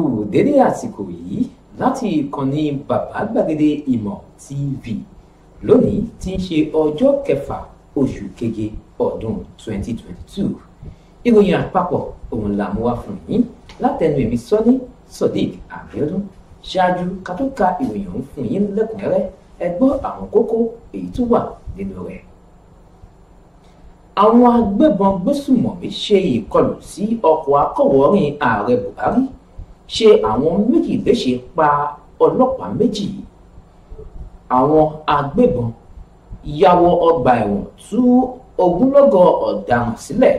kú dédé àsìkò yìí láti ìkànnì bàbá gbàgede ìmọ̀ tv Loni, tí ń ṣe ọjọ́ kẹfà oṣù keje 2022 ìròyìn àpapọ̀ òun là mú wá fún yín látẹnu èmi sọ́ni sodiq abiodun ṣáájú ká tó ka ìròyìn ọ̀hún fún yín lẹ́kùnrẹ́rẹ́ ẹ e gbọ́ àwọn kókó èyí tó wà nínú rẹ̀ àwọn agbébọn gbésùmọ̀mí ṣe ìkọlù sí ọkọ̀ akọ̀wọ́rìn ààrẹ buhari ṣe àwọn méjì bẹ́ẹ̀ ṣe pa ọlọ́pàá méjì àwọn agbébọn ya wọ ọgbà ẹ̀wọ̀n tú ogunlọ́gọ̀ ọ̀daràn sílẹ̀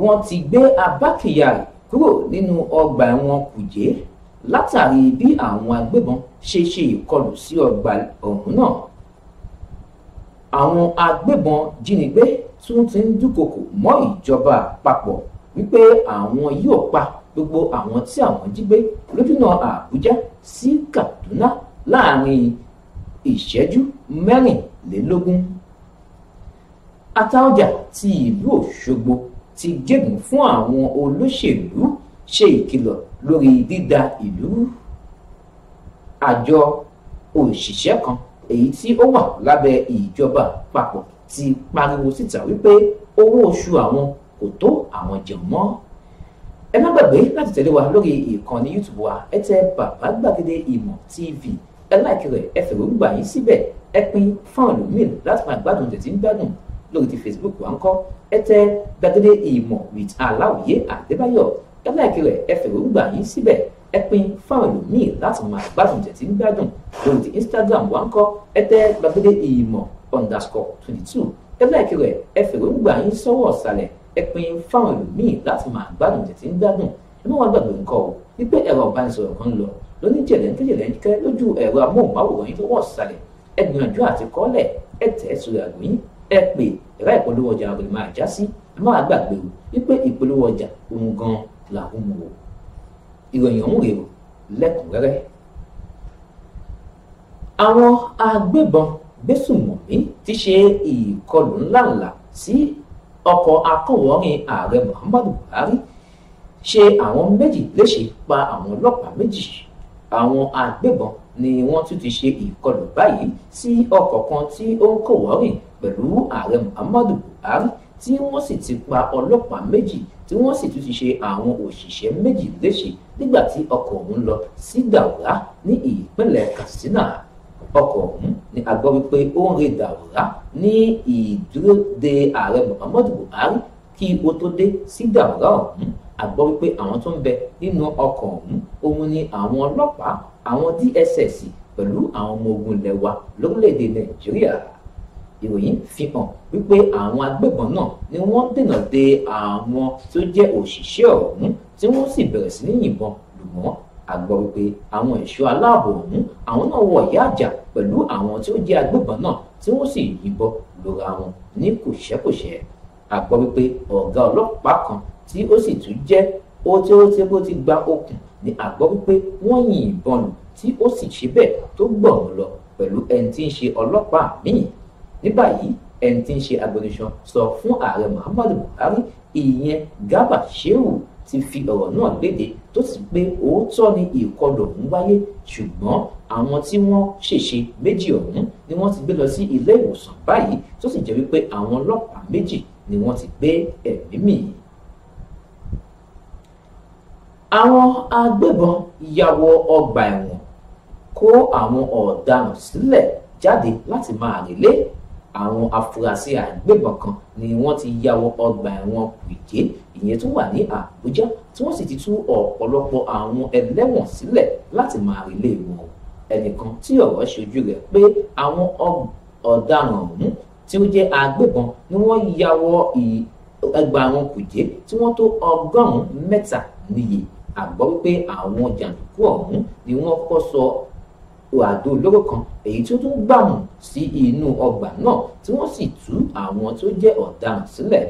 wọ́n ti gbé Abba Kyari kúrò nínú ọgbà ẹ̀wọ̀n Kùjé látàrí bí àwọn agbébọn ṣe ṣe ìkọlù sí ọgbà ọ̀hún náà àwọn agbébọn jínigbé tún ti ń dúnkokò mọ́ ìjọba àpapọ̀ wípé àwọn yóò pa gbogbo àwọn tí àwọn jí gbé lójúnà àbújá sí kaduna láàrin ìṣẹ́jú mẹ́rìnlélógún ataọ́jà ti ìlú òṣogbo ti gégùn fún àwọn olóṣèlú ṣe ìkìlọ̀ lórí dídà ìlú àjọ òṣìṣẹ́ kan èyí tí ó wà lábẹ́ ìjọba àpapọ̀ ti pariwo síta wípé owó oṣù àwọn kò tó àwọn jẹun mọ́ ẹ má gbàgbé láti tẹ̀lé wa lórí ìkànnì youtube wa ẹ tẹ bàbá gbàgede ìmọ̀ tv ẹ láìkí rẹ̀ ẹ fẹ̀rẹ̀ gbà yín síbẹ̀ ẹ pín fáwọn ẹlòmíín láti máa gbádùn tètè ń gbádùn lórí ti facebook wa ń kọ́ ẹ tẹ gbàgede ìmọ̀ with aláwìyé àdébáyọ̀ ẹ láìkí rẹ̀ ẹ fẹ̀rẹ̀ gbà yín síbẹ̀ ẹ pín fáwọn ẹlòmíín láti máa gbádùn tètè ń gbádùn lórí ti instagram wa ń kọ́ ẹ tẹ gbàgede ìmọ̀ underscore twenty two ẹ láìkí rẹ̀ ẹ fẹ̀rẹ̀ gbà yín sọ́wọ́ ọ̀sàlẹ̀ ẹ fáwọn ìlú míì láti máa gbádùn tètè ń gbádùn ẹ má wá gbàgbé nǹkan o wípé ẹ̀rọ ìbánisọ̀rọ̀ kan lọ lóní jẹ̀lẹ́ńkẹ́jẹ̀lẹ́ńkẹ́ lójú ẹ̀rọ amóhùnmáwòrán yín lọ́wọ́ ọ̀sàlẹ̀ ẹ gbìyànjú àti kọ́lẹ̀ ẹ tẹ̀ ẹ́ sórí àgbò yín ẹ pè ẹ̀rọ ìpolówó ọjà àgbèlè máa já sí ẹ má wá gbàgbé o wípé ìpolówó ọjà òun gan làwọn mú o ìròyìn ọ̀hún rèé o lẹ́kùnrẹ́rẹ́. àwọn agbébọn gbésùmọ̀mí ti ṣe ìkọlù ńláńlá sí ọkọ̀ akọ̀wọ́rin ààrẹ Muhammadu Buhari ṣe àwọn méjì léṣe pa àwọn ọlọ́pàá méjì àwọn agbébọn ni wọ́n tún ti ṣe ìkọlù báyìí sí ọkọ̀ kan tí ó ń kọ̀wọ́rìn pẹ̀lú ààrẹ Muhammadu Buhari tí wọ́n sì ti pa ọlọ́pàá méjì tí wọ́n sì tún ti ṣe àwọn òṣìṣẹ́ méjì léṣe nígbà tí ọkọ̀ ọ̀hún lọ sí Daura ní ìpínlẹ̀ Katsina ọkọ̀ ọ̀hún ni a gbọ́ wípé ó ń re dàrúrà ní ìdúró de ààrẹ Muhammadu Buhari kí ó tó dé sí dàrúrà ọ̀hún a gbọ́ wípé àwọn tó ń bẹ nínú ọkọ̀ ọ̀hún òun ni àwọn ọlọ́pàá àwọn DSS pẹ̀lú àwọn ọmọ ogun ilẹ̀ wa lórílẹ̀‐èdè Nàìjíríà ìròyìn fi hàn wípé àwọn agbébọn náà ni wọ́n dènà de àwọn tó jẹ́ òṣìṣẹ́ ọ̀hún tí wọ́n sì bẹ̀rẹ̀ sí ní yìnbọn lù a gbọ́ wípé àwọn ẹ̀ṣọ́ aláàbò ọ̀hún àwọn náà wọ̀ ìyá àjà pẹ̀lú àwọn tí ó jẹ́ agbébọn náà tí wọ́n sì yìnbọn lóra wọn ní kòṣẹ́kòṣẹ́ a wípé ọ̀gá ọlọ́pàá kan tí ó sì tún jẹ́ ó tí ó ti bó ti gba okùn ní a wípé wọ́n yìnbọn lù tí ó sì ṣe bẹ́ẹ̀ tó gbọ̀rọ̀ lọ pẹ̀lú ẹni tí ń ṣe ọlọ́pàá míì ní báyìí ẹni tí ń ṣe agbẹnusọ sọ fún ààrẹ Muhammadu Buhari ìyẹn Garba Shehu ti fi ọ̀rọ̀ náà léde tó sì pé òótọ́ ni ìkọlù ọ̀hún wáyé ṣùgbọ́n àwọn tí wọ́n ṣèṣe méjì ọ̀hún ni wọ́n ti gbé lọ sí ilé ìwòsàn báyìí tó sì jẹ́ wípé àwọn ọlọ́pàá méjì ni wọ́n ti gbé ẹ̀mí mì. àwọn agbébọn ya wọ ọgbà ẹ̀wọ̀n kó àwọn ọ̀daràn sílẹ̀ jáde láti máa rèlé àwọn afurasí àgbébọn kan ni wọ́n ti ya wọ ọgbà ẹ̀wọ̀n kùjé ìyẹn tó wà ní àbújá tí wọ́n sì ti tú ọ̀pọ̀lọpọ̀ àwọn ẹlẹ́wọ̀n sílẹ̀ láti máa relé wọn ẹnìkan tí ọ̀rọ̀ ṣojú rẹ̀ pé àwọn ọ̀daràn ọ̀hún tí ó jẹ́ agbébọn ni wọ́n ya wọ ẹgbàrún kùjé tí wọ́n tó ọgọ́rùn-ún mẹ́ta níye àgbọ́ wípé àwọn jàǹdùkú ọ̀hún ni wọ́n kọ́ sọ àdó olóró kan èyí tí ó tún gbàmù sí inú ọgbà náà tí wọ́n sì tú àwọn tó jẹ́ ọ̀daràn sílẹ̀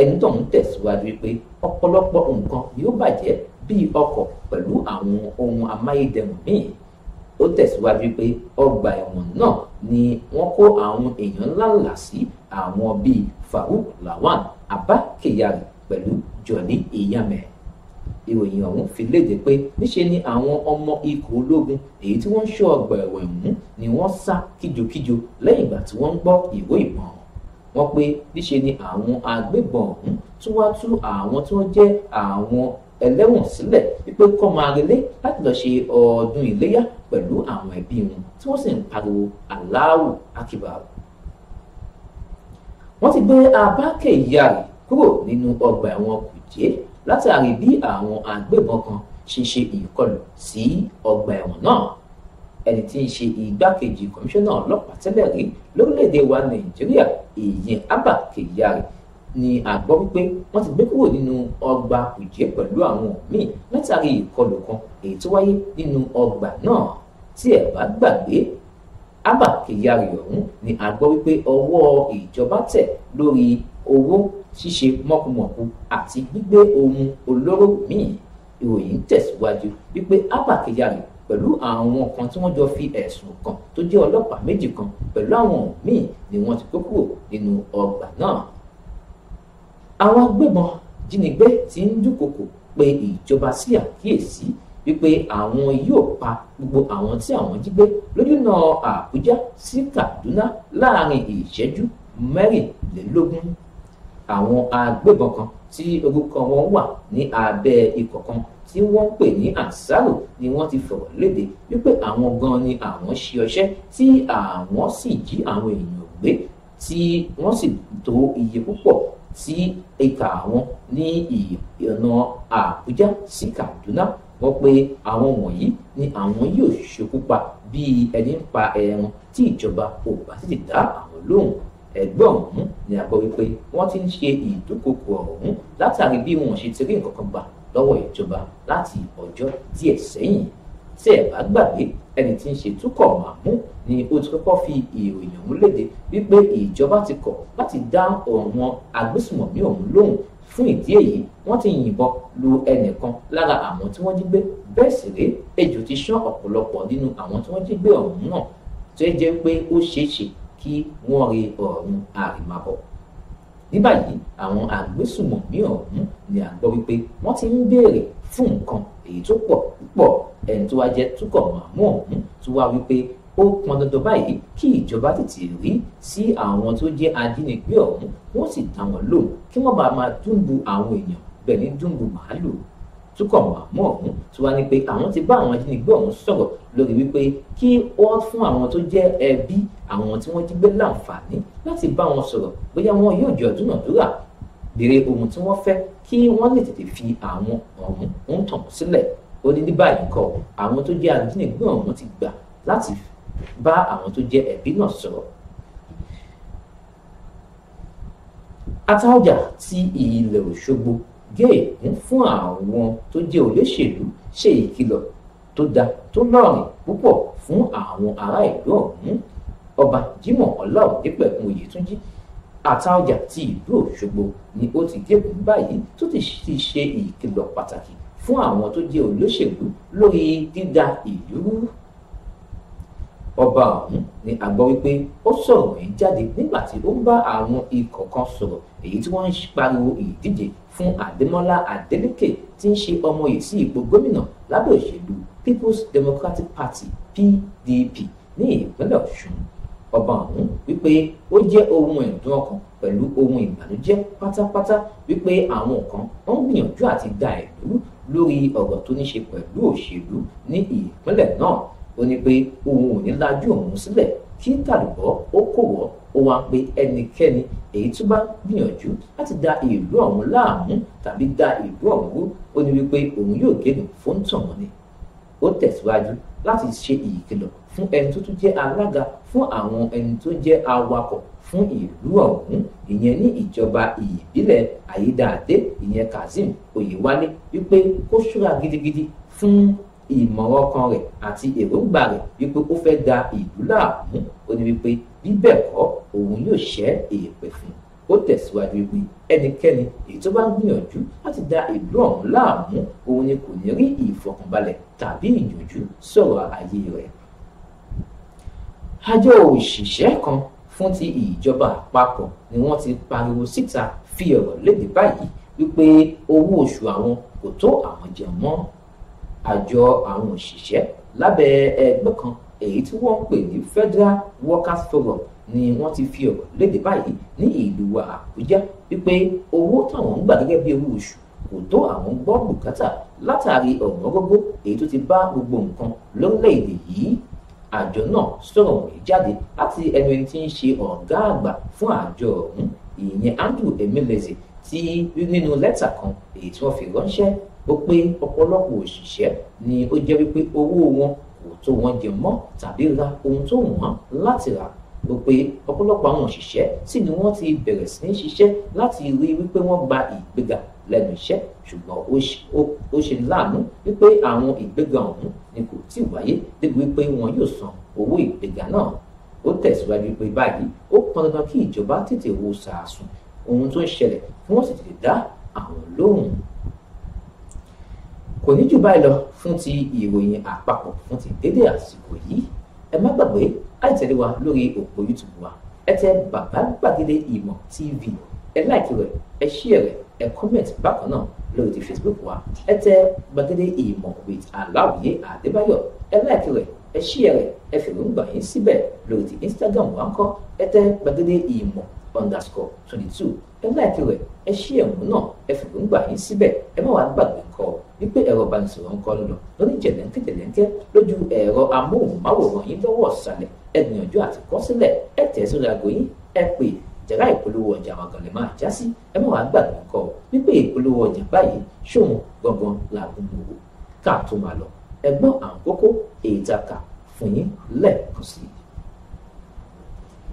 ẹni tó ń tẹ̀síwájú pé ọ̀pọ̀lọpọ̀ nǹkan yóò bàjẹ́ bíi ọkọ̀ pẹ̀lú àwọn ohun amáyédẹrùn míì ó tẹ̀síwájú pé ọgbà ẹ̀wọ̀n náà ni wọ́n kó àwọn èèyàn ńláńlá sí àwọn bíi Farouk Lawan Abba Kyari pẹ̀lú Jolly Iyame ìròyìn ọ̀hún fi léde pé níṣe ni àwọn ọmọ ikọ̀ ológun èyí tí wọ́n ń ṣọ́ ọgbà ẹ̀wọ̀n ọ̀hún ni wọ́n sá kíjokíjo lẹ́yìn ìgbà tí wọ́n ń gbọ́ ìró ìbọn wọ́n pé níṣe ni àwọn agbébọn ọ̀hún tún wá tú àwọn tí wọ́n jẹ́ àwọn ẹlẹ́wọ̀n sílẹ̀ wípé kọ́ máa relé láti lọ́ọ́ ṣe ọdún iléyà pẹ̀lú àwọn ẹbí wọn tí wọ́n sì ń pariwo Allahu Akbar wọ́n ti gbé abákẹ́ ìyá rẹ̀ kúrò nínú ọgbà ẹ̀wọ̀n kùjẹ́ látàrí bí àwọn agbébọn kan ṣe ṣe ìkọlù sí ọgbà ẹ̀wọ̀n náà ẹni tí í ṣe igbákejì kọmíṣánná ọlọ́pàá tẹ́lẹ̀ rí lórílẹ̀‐èdè wa nàìjíríà ìyẹn abba kyari ni a gbọ́ wípé wọ́n ti gbé kúrò nínú ọgbà kùjẹ́ pẹ̀lú àwọn míì látàrí ìkọlù kan èyí tó wáyé nínú ọgbà náà tí ẹ̀ bá gbàgbé abba kyari ọ̀hún ni a gbọ́ wípé ọwọ́ ìjọba tẹ̀ lórí owó ṣíṣe mọ̀kùmọ̀kù àti gbígbé ohun olóró míì ìròyìn tẹ̀síwájú wípé abba kyari pẹ̀lú àwọn kan tí wọ́n jọ fi ẹ̀sùn kàn tó jẹ́ ọlọ́pàá méjì kan pẹ̀lú àwọn míì ni wọ́n ti kó kúrò nínú ọgbà náà. àwọn agbébọn jínigbé ti ń dúnkokò pé ìjọba sí àkíyèsí wípé àwọn yóò pa gbogbo àwọn tí àwọn jí gbé lójúnà Àbújá sí Kaduna láàrin ìṣẹ́jú mẹ́rìnlélógún àwọn agbébọn kan tí orúkọ wọn wà ní abẹ́ ikọ̀ kan tí wọ́n ń pè ní àṣàrò ni wọ́n ti fọ̀rọ̀ léde wípé àwọn gan ni àwọn ṣe ọṣẹ́ tí àwọn sì jí àwọn èèyàn gbé tí wọ́n sì tó iye púpọ̀ tí ẹ̀ka àwọn ní ìyànà Àbújá sí Kaduna wọ́n pé àwọn wọ̀nyí ni àwọn yóò ṣekú pa bí ẹni ń pa ẹran tí ìjọba kò bá sì dá àwọn lóhùn ẹ̀gbọ́n ọ̀hún ni a gbọ́ wípé wọ́n ti ń ṣe ìdúkokò ọ̀hún látàrí bí wọn ò ṣe ti rí nǹkan kan gbà lọ́wọ́ ìjọba láti ọjọ́ díẹ̀ sẹ́yìn tí ẹ̀ bá gbàgbé ẹni tí ń ṣe túkọ̀ màmú ni ó ti kọ́kọ́ fi ìròyìn ọ̀hún léde wípé ìjọba ti kọ̀ láti dá ọ̀wọ́n agbésùmọ̀mí ọ̀hún lóhùn fún ìdí èyí wọ́n ti yìnbọn lu ẹnìkan lára àwọn tí wọ́n jí gbé bẹ́ẹ̀ sì rèé ejò ti ṣán ọ̀pọ̀lọpọ̀ nínú àwọn tí wọ́n jí gbé ọ̀hún náà tó jẹ́ pé ó ṣeé kí wọ́n rí ọ̀run àrèmábọ̀ ní báyìí àwọn àgbésùmọ̀mí ọ̀hún ni à ń gbọ́ wípé wọ́n ti ń béèrè fún nǹkan èyí tó pọ̀ púpọ̀ ẹni tó wá jẹ́ túkọ̀ màmú ọ̀hún tó wá wípé ó pọn dandan báyìí kí ìjọba tètè rí sí àwọn tó jẹ́ ajínigbé ọ̀hún wọ́n sì dá wọn lóhùn kí wọ́n bá máa dúnbu àwọn èèyàn bẹ́ẹ̀ ni dúnbu màálùú túkọ̀ màmú ọ̀hún tí wàá ní pé àwọn ti bá àwọn ajínigbé ọ̀hún sọ̀rọ̀ lórí wípé kí wọ́n fún àwọn tó jẹ́ ẹbí àwọn tí wọ́n jí gbé láǹfààní láti bá wọn sọ̀rọ̀ bóyá wọn yóò jọ dúnàdúrà béèrè ohun tí wọ́n fẹ́ kí wọ́n lè tètè fi àwọn ọ̀hún ń tàn sílẹ̀ ó ní ní báyìí kọ́ àwọn tó jẹ́ ajínigbé ọ̀hún ti gbà láti bá àwọn tó jẹ́ ẹbí náà sọ̀rọ̀ Àtaọ́jà ti ilẹ̀ Òṣogbo gay ń fún àwọn tó jẹ́ olóṣèlú ṣe ìkìlọ̀ tó da tó lọ́rìn púpọ̀ fún àwọn ará ìlú ọ̀hún ọba Jimoh Ọláòdépẹ̀kun Oyètúnjí Àtaọ̀jà ti ìlú Òṣogbo ni ó ti dẹ́kun báyìí tó ti ṣe ìkìlọ̀ pàtàkì fún àwọn tó jẹ́ olóṣèlú lórí dídà ìlú rú ọba ọ̀hún ni a gbọ́ wípé ó sọ̀rọ̀ yìí jáde nígbà tí ó ń bá àwọn ikọ̀ kan sọ̀rọ̀ èyí tí wọ́n ń pariwo ìdíje fún Adémọ́lá Adélékè tí ń ṣe ọmọ yìí sí ipò gómìnà lábẹ́ òṣèlú People's Democratic Party PDP ní ìpínlẹ̀ Ọ̀ṣun ọba ọ̀hún wípé ó jẹ́ ohun ẹ̀dùn ọkàn pẹ̀lú ohun ìbànújẹ́ pátápátá wípé àwọn kan wọ́n ń gbìyànjú àti da ìlú lórí ọ̀rọ̀ tó ní ṣe pẹ̀lú òṣèlú ní ìpínlẹ̀ náà ó ní pé òun ò ní lajú òun sílẹ̀ kí tàlùbọ́ ó kò wọ́ ó wá pé ẹnikẹ́ni èyí tó bá gbìyànjú láti da ìlú ọ̀hún láàmú tàbí da ìlú ọ̀hún rú ó ní wípé òun yóò gẹ́nu fún tọ̀hún ni ó tẹ̀síwájú láti ṣe ìkìlọ̀ fún ẹni tó tún jẹ́ alága fún àwọn ẹni tó jẹ́ awakọ̀ fún ìlú ọ̀hún ìyẹn ní ìjọba ìbílẹ̀ àyídáadé ìyẹn Kazeem Oyewale wípé kó ṣúra gidigidi fún ìmọ̀ràn ọkàn rẹ̀ àti èròǹgbà rẹ̀ wípé ó fẹ́ da ìlú láàmú ó ní wípé bí bẹ́ẹ̀ kọ́ òun yóò ṣẹ́ èèpẹ̀ fún un ó tẹ̀síwájú wípé ẹnikẹ́ni èyí tó bá ń gbìyànjú láti da ìlú ọ̀hún láàmú òun ni kò ní rí ìfọkànbalẹ̀ tàbí ìyànjú sọ̀rọ̀ ayé rẹ̀ àjọ òṣìṣẹ́ kan fún ti ìjọba àpapọ̀ ni wọ́n ti pariwo síta fi ọ̀rọ̀ léde báyìí wípé owó oṣù àwọn kò tó àwọn jẹun mọ́ àjọ àwọn òṣìṣẹ́ lábẹ́ ẹgbẹ́ kan èyí tí wọ́n ń pè ní Federal Workers Forum ni wọ́n ti fi ọ̀rọ̀ léde báyìí ní ìlú Àbújá wípé owó táwọn ń gbà gẹ́gẹ́ bí owó oṣù kò tó àwọn gbọ́ bùkátà látàrí ọ̀wọ́n gógó èyí tó ti bá gbogbo nǹkan lórílẹ̀‐èdè yìí àjọ náà sọ̀rọ̀ wọ̀nyí jáde láti ẹni tí ń ṣe ọ̀gá àgbà fún àjọ ọ̀hún ìyẹn Andrew Emeleze tí nínú lẹ́tà kan èyí tí wọ́n fi ránṣẹ́ ó pé ọ̀pọ̀lọpọ̀ òṣìṣẹ́ ni ó jẹ́ wípé owó wọn kò tó wọn jẹ mọ́ tàbí ra ohun tó wọ́n láti rà ó pé ọ̀pọ̀lọpọ̀ àwọn òṣìṣẹ́ sì ni wọ́n ti bẹ̀rẹ̀ sí ní ṣiṣẹ́ láti rí wípé wọ́n gba ìgbéga lẹ́nu iṣẹ́ ṣùgbọ́n ó ṣe láàánú wípé àwọn ìgbéga ọ̀hún ni kò tíì wáyé débi wípé wọn yóò san owó ìgbéga náà ó tẹ̀síwájú pé báyìí ó pọn dandan kí ìjọba tètè wo sàásùn ohun tó ń ṣẹlẹ̀ kí wọ́n sì tètè dá àwọn lóhùn kò ní jù báyìí lọ fún ti ìròyìn àpapọ̀ fún ti dédé àsìkò yìí ẹ má gbàgbé láì tẹ̀lé wa lórí òpó youtube wa ẹ tẹ bàbá gbàgede ìmọ̀ tv ẹ láìkí rẹ̀ ẹ ṣíẹ rẹ̀ ẹ comment bákan náà lórí ti facebook wa ẹ tẹ gbàgede ìmọ̀ with aláwìyé adébáyọ̀ ẹ láìkí rẹ̀ ẹ ṣíẹ rẹ̀ ẹ fèrè yín síbẹ̀ lórí ti instagram wa ń kọ́ ẹ tẹ gbàgede ìmọ̀ underscore twenty two ẹ láìpẹ́ rẹ̀ ẹ ṣí ẹ̀mú náà ẹ fìgbóngbà yín síbẹ̀ ẹ má wàá gbàgbé kọ wípé ẹ̀rọ ìbánisọ̀rọ̀ ń kọ́ lọ lórí jẹ̀lẹ́ńkẹ́ jẹ̀lẹ́ńkẹ́ lójú ẹ̀rọ amóhùnmáwòrán yín lọ́wọ́ ọ̀sàlẹ̀ ẹ gbìyànjú àti kọ sílẹ̀ ẹ tẹ̀ sórí aago yín ẹ pè yàrá ìpolówó ọjà àwọn máa já sí ẹ má wàá gbàgbé kọ wípé ìpolówó ọjà báyìí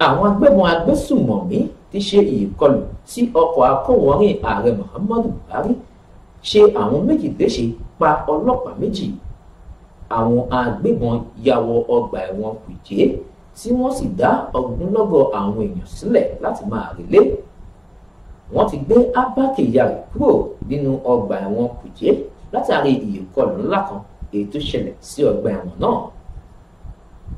àwọn agbébọn agbésùmọ̀mí ti ṣe ìkọlù sí ọkọ̀ akọ̀wọ́rìn ààrẹ Muhammadu Buhari ṣe àwọn méjì déṣe pa ọlọ́pàá méjì àwọn agbébọn ya wọ ọgbà ẹ̀wọ̀n Kùjé tí wọ́n sì dá ọ̀gbúnlọ́gọ̀ àwọn èèyàn sílẹ̀ láti máa relé wọ́n ti gbé Abba Kyari kúrò nínú ọgbà ẹ̀wọ̀n Kùjé látàrí ìkọlù ńlá kan èyí tó ṣẹlẹ̀ sí ọgbà ẹ̀wọ̀n náà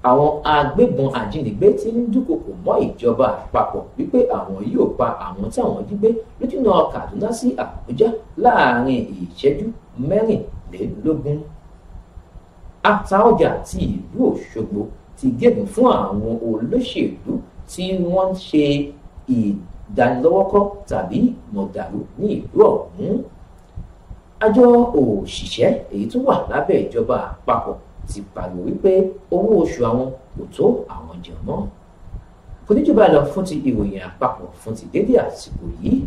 àwọn agbébọn ajínigbé ti ń dúnkokò mọ́ ìjọba àpapọ̀ wípé àwọn yóò pa àwọn táwọn jí gbé lójúnà Kaduna sí Àbújá láàrin ìṣẹ́jú mẹ́rìnlélógún àtaọjà ti ìlú Òṣogbo ti gégùn fún àwọn olóṣèlú tí wọ́n ń ṣe ìdánilọ́wọ́kọ́ tàbí mọ̀dàrú ní ìlú ọ̀hún àjọ òṣìṣẹ́ èyí tó wà lábẹ́ ìjọba àpapọ̀ ti pariwo wípé owó oṣù àwọn kò tó àwọn jẹun mọ́ foníjú bá lọ fún ti ìròyìn àpapọ̀ fún ti dédé àsìkò yìí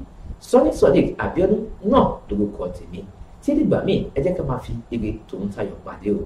Sunny Sodiq Abíọ́dún náà lórúkọ tèmi tí dìgbà míì ẹ jẹ́ ká máa fi ire tòun tayọ̀ pàdé o.